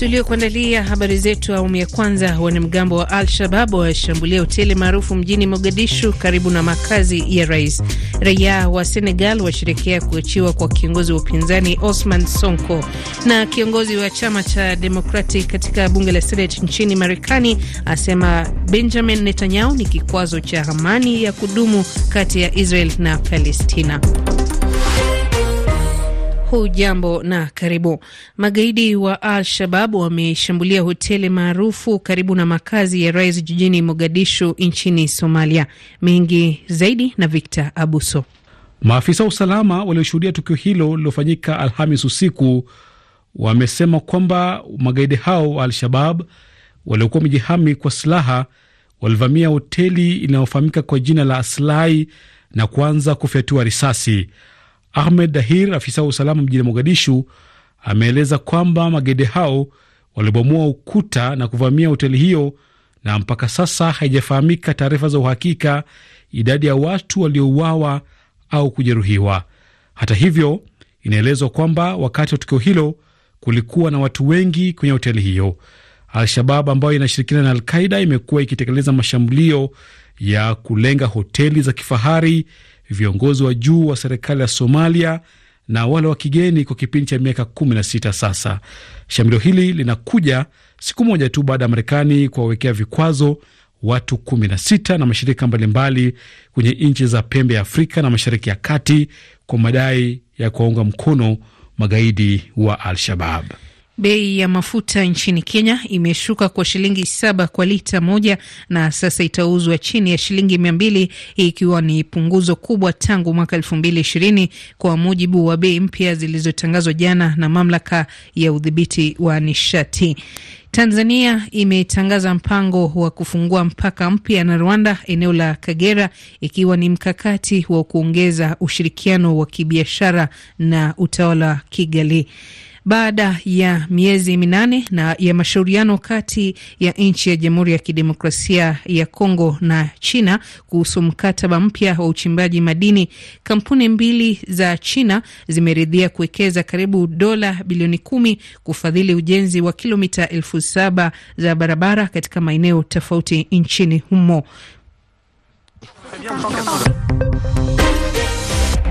Tuliokuandalia habari zetu awamu ya kwanza. Wanamgambo wa Al-Shabab washambulia hoteli maarufu mjini Mogadishu, karibu na makazi ya rais. Raia wa Senegal washerekea kuachiwa kwa kiongozi wa upinzani Osman Sonko. Na kiongozi wa chama cha Demokrati katika bunge la Senate nchini Marekani asema Benjamin Netanyahu ni kikwazo cha amani ya kudumu kati ya Israel na Palestina. Hujambo na karibu. Magaidi wa Al Shabab wameshambulia hoteli maarufu karibu na makazi ya rais jijini Mogadishu nchini Somalia. Mengi zaidi na Victor Abuso. Maafisa wa usalama walioshuhudia tukio hilo lililofanyika Alhamis usiku wamesema kwamba magaidi hao wa Al-Shabab waliokuwa wamejihami kwa silaha walivamia hoteli inayofahamika kwa jina la Aslai na kuanza kufyatua risasi. Ahmed Dahir, afisa wa usalama mjini Mogadishu, ameeleza kwamba magede hao walibomoa ukuta na kuvamia hoteli hiyo, na mpaka sasa haijafahamika taarifa za uhakika idadi ya watu waliouawa au kujeruhiwa. Hata hivyo, inaelezwa kwamba wakati wa tukio hilo kulikuwa na watu wengi kwenye hoteli hiyo. Al-Shabab ambayo inashirikiana na alqaida imekuwa ikitekeleza mashambulio ya kulenga hoteli za kifahari viongozi wa juu wa serikali ya Somalia na wale wa kigeni kwa kipindi cha miaka 16 sasa. Shambulio hili linakuja siku moja tu baada ya Marekani kuwawekea vikwazo watu 16 na mashirika mbalimbali kwenye nchi za pembe ya Afrika na mashariki ya kati kwa madai ya kuwaunga mkono magaidi wa Al-Shabab. Bei ya mafuta nchini Kenya imeshuka kwa shilingi saba kwa lita moja na sasa itauzwa chini ya shilingi mia mbili ikiwa ni punguzo kubwa tangu mwaka elfu mbili ishirini kwa mujibu wa bei mpya zilizotangazwa jana na mamlaka ya udhibiti wa nishati. Tanzania imetangaza mpango wa kufungua mpaka mpya na Rwanda eneo la Kagera, ikiwa ni mkakati wa kuongeza ushirikiano wa kibiashara na utawala Kigali baada ya miezi minane na ya mashauriano kati ya nchi ya Jamhuri ya Kidemokrasia ya Kongo na China kuhusu mkataba mpya wa uchimbaji madini, kampuni mbili za China zimeridhia kuwekeza karibu dola bilioni kumi kufadhili ujenzi wa kilomita elfu saba za barabara katika maeneo tofauti nchini humo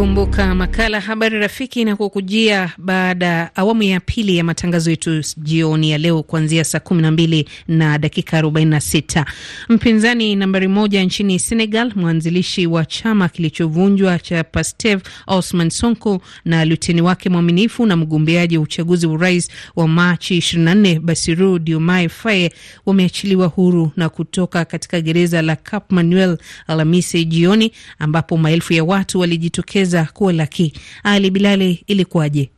Kumbuka makala Habari Rafiki kukujia baada awamu ya pili ya matangazo yetu jioni ya leo kuanzia saa 12 na dakika 46. Mpinzani nambari moja nchini Senegal, mwanzilishi wa chama kilichovunjwa cha Pastef Osman Sonko na luteni wake mwaminifu na mgombeaji wa uchaguzi wa urais wa Machi 24 basiru Diomaye Faye wameachiliwa huru na kutoka katika gereza la Cap Manuel Alhamisi jioni ambapo maelfu ya watu walijitokeza kuweza kuwa laki. Ali Bilali, ilikuwaje?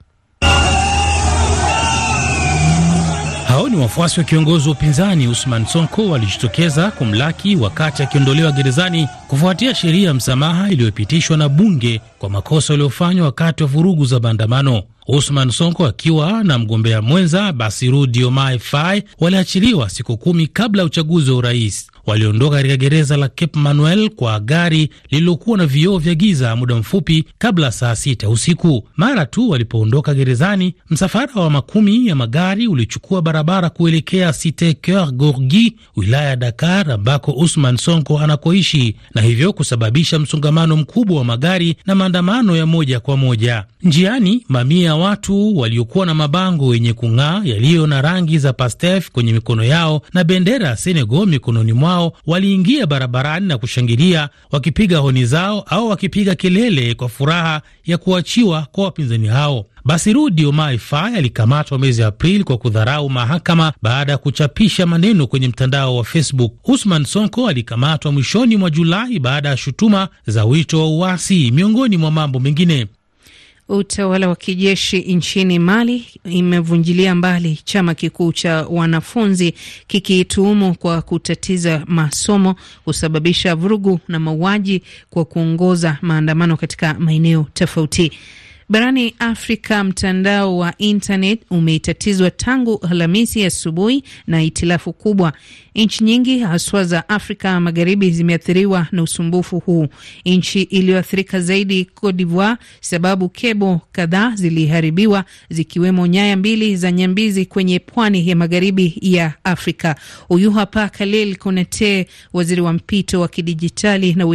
Hao ni wafuasi wa kiongozi wa upinzani Usman Sonko walijitokeza kumlaki wakati akiondolewa gerezani kufuatia sheria ya msamaha iliyopitishwa na bunge kwa makosa yaliyofanywa wakati wa vurugu za maandamano. Usman Sonko akiwa na mgombea mwenza Basiru Diomaye Faye waliachiliwa siku kumi kabla ya uchaguzi wa urais waliondoka katika gereza la Cape Manuel kwa gari lililokuwa na vioo vya giza muda mfupi kabla saa sita usiku. Mara tu walipoondoka gerezani, msafara wa makumi ya magari ulichukua barabara kuelekea Cite Keur Gorgi, wilaya ya Dakar, ambako Usman Sonko anakoishi na hivyo kusababisha msongamano mkubwa wa magari na maandamano ya moja kwa moja. Njiani, mamia ya watu waliokuwa na mabango yenye kung'aa yaliyo na rangi za Pastef kwenye mikono yao na bendera ya Senegal mikononi mwao wao waliingia barabarani na kushangilia wakipiga honi zao au wakipiga kelele kwa furaha ya kuachiwa kwa wapinzani hao. Basiru Omai Faye alikamatwa mwezi Aprili kwa kudharau mahakama baada ya kuchapisha maneno kwenye mtandao wa Facebook. Usman Sonko alikamatwa mwishoni mwa Julai baada ya shutuma za wito wa uasi, miongoni mwa mambo mengine. Utawala wa kijeshi nchini Mali imevunjilia mbali chama kikuu cha wanafunzi kikituhumu kwa kutatiza masomo, kusababisha vurugu na mauaji kwa kuongoza maandamano katika maeneo tofauti. Barani Afrika, mtandao wa internet umetatizwa tangu Alhamisi asubuhi na hitilafu kubwa. Nchi nyingi haswa za Afrika Magharibi zimeathiriwa na usumbufu huu. Nchi iliyoathirika zaidi Cote d'Ivoire, sababu kebo kadhaa ziliharibiwa zikiwemo nyaya mbili za Nyambizi kwenye pwani ya magharibi ya Afrika. Huyu hapa Khalil Konate, waziri wa mpito wa kidijitali na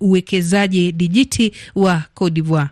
uwekezaji dijiti wa Cote d'Ivoire.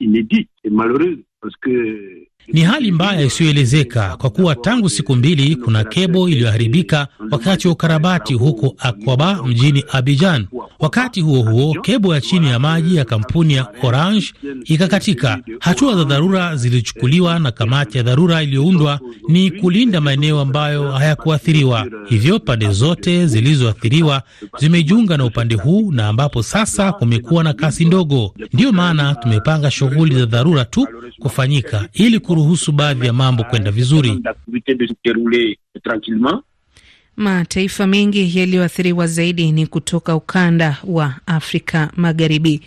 inédite et malheureuse parce que Ni hali mbaya isiyoelezeka kwa kuwa tangu siku mbili kuna kebo iliyoharibika wakati wa ukarabati huko Akwaba mjini Abidjan. Wakati huo huo, kebo ya chini ya maji ya kampuni ya Orange ikakatika. Hatua za dharura zilichukuliwa na kamati ya dharura iliyoundwa ni kulinda maeneo ambayo hayakuathiriwa. Hivyo pande zote zilizoathiriwa zimejiunga na upande huu, na ambapo sasa kumekuwa na kasi ndogo. Ndiyo maana tumepanga shughuli za dharura tu kufanyika ili kuru kuruhusu baadhi ya mambo kwenda vizuri. Mataifa mengi yaliyoathiriwa zaidi ni kutoka ukanda wa Afrika Magharibi.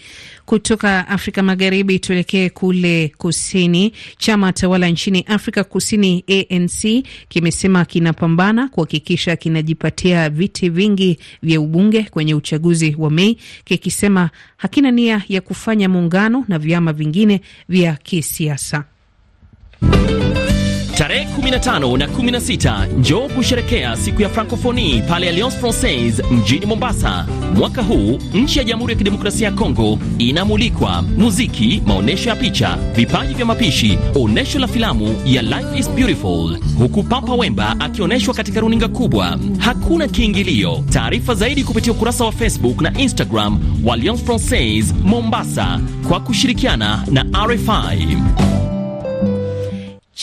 Kutoka Afrika Magharibi tuelekee kule kusini. Chama tawala nchini Afrika Kusini, ANC, kimesema kinapambana kuhakikisha kinajipatia viti vingi vya ubunge kwenye uchaguzi wa Mei, kikisema hakina nia ya kufanya muungano na vyama vingine vya kisiasa. Tarehe 15 na 16 njoo kusherekea siku ya Francophonie pale Alliance Francaise mjini Mombasa. Mwaka huu nchi ya Jamhuri ya Kidemokrasia ya Kongo inamulikwa muziki, maonyesho ya picha, vipaji vya mapishi, onyesho la filamu ya Life is Beautiful, huku Papa Wemba akionyeshwa katika runinga kubwa. Hakuna kiingilio. Taarifa zaidi kupitia ukurasa wa Facebook na Instagram wa Alliance Francaise Mombasa kwa kushirikiana na RFI.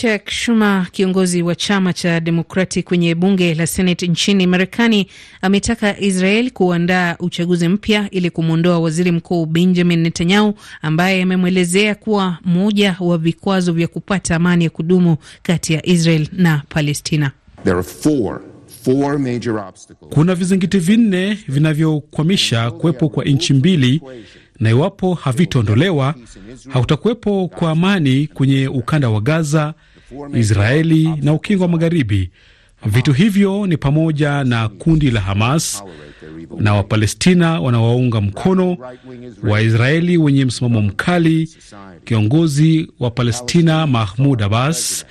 Chuck Schumer, kiongozi wa chama cha Demokrati kwenye bunge la Senate nchini Marekani, ametaka Israel kuandaa uchaguzi mpya ili kumwondoa waziri mkuu Benjamin Netanyahu, ambaye amemwelezea kuwa moja wa vikwazo vya kupata amani ya kudumu kati ya Israel na Palestina. There are four. Kuna vizingiti vinne vinavyokwamisha kuwepo kwa nchi mbili na iwapo havitaondolewa hakutakuwepo kwa amani kwenye ukanda wa Gaza, Israeli na ukingo wa Magharibi. Vitu hivyo ni pamoja na kundi la Hamas na Wapalestina wanaowaunga mkono, Waisraeli wenye msimamo mkali, kiongozi wa Palestina Mahmud Abbas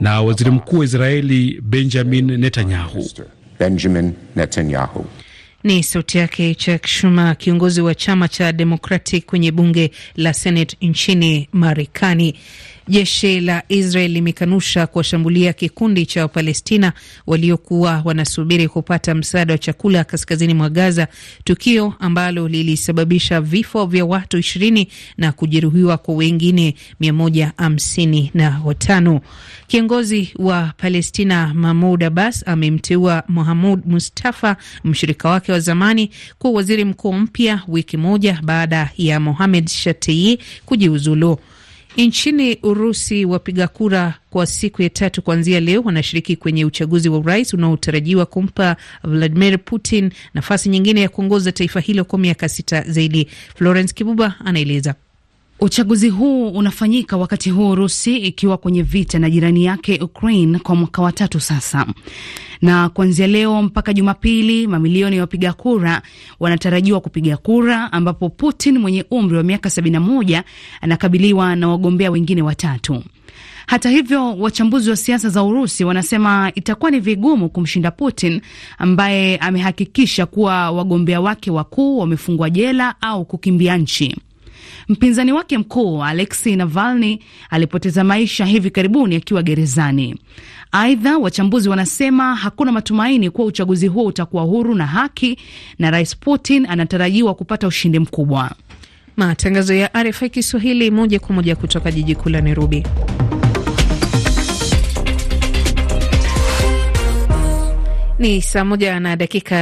na waziri mkuu wa Israeli Benjamin Netanyahu. Benjamin Netanyahu. Ni sauti yake Chuck Schumer, kiongozi wa chama cha Democratic kwenye bunge la Senate nchini Marekani. Jeshi la Israel limekanusha kuwashambulia kikundi cha Wapalestina waliokuwa wanasubiri kupata msaada wa chakula kaskazini mwa Gaza, tukio ambalo lilisababisha vifo vya watu ishirini na kujeruhiwa kwa wengine mia moja hamsini na watano. Kiongozi wa Palestina Mahmud Abbas amemteua Muhamud Mustafa, mshirika wake wake wa zamani kuwa waziri mkuu mpya wiki moja baada ya Mohamed Shatei kujiuzulu. Nchini Urusi, wapiga kura kwa siku ya tatu kuanzia leo wanashiriki kwenye uchaguzi wa urais unaotarajiwa kumpa Vladimir Putin nafasi nyingine ya kuongoza taifa hilo kwa miaka sita zaidi. Florence Kibuba anaeleza. Uchaguzi huu unafanyika wakati huu Urusi ikiwa kwenye vita na jirani yake Ukraine kwa mwaka wa tatu sasa, na kuanzia leo mpaka Jumapili mamilioni ya wapiga kura wanatarajiwa kupiga kura, ambapo Putin mwenye umri wa miaka 71 anakabiliwa na wagombea wengine watatu. Hata hivyo, wachambuzi wa siasa za Urusi wanasema itakuwa ni vigumu kumshinda Putin ambaye amehakikisha kuwa wagombea wake wakuu wamefungwa jela au kukimbia nchi. Mpinzani wake mkuu Alexei Navalny alipoteza maisha hivi karibuni akiwa gerezani. Aidha, wachambuzi wanasema hakuna matumaini kuwa uchaguzi huo utakuwa huru na haki, na Rais Putin anatarajiwa kupata ushindi mkubwa. Matangazo ya RFI Kiswahili moja kwa moja kutoka jiji kuu la Nairobi. Ni saa moja na dakika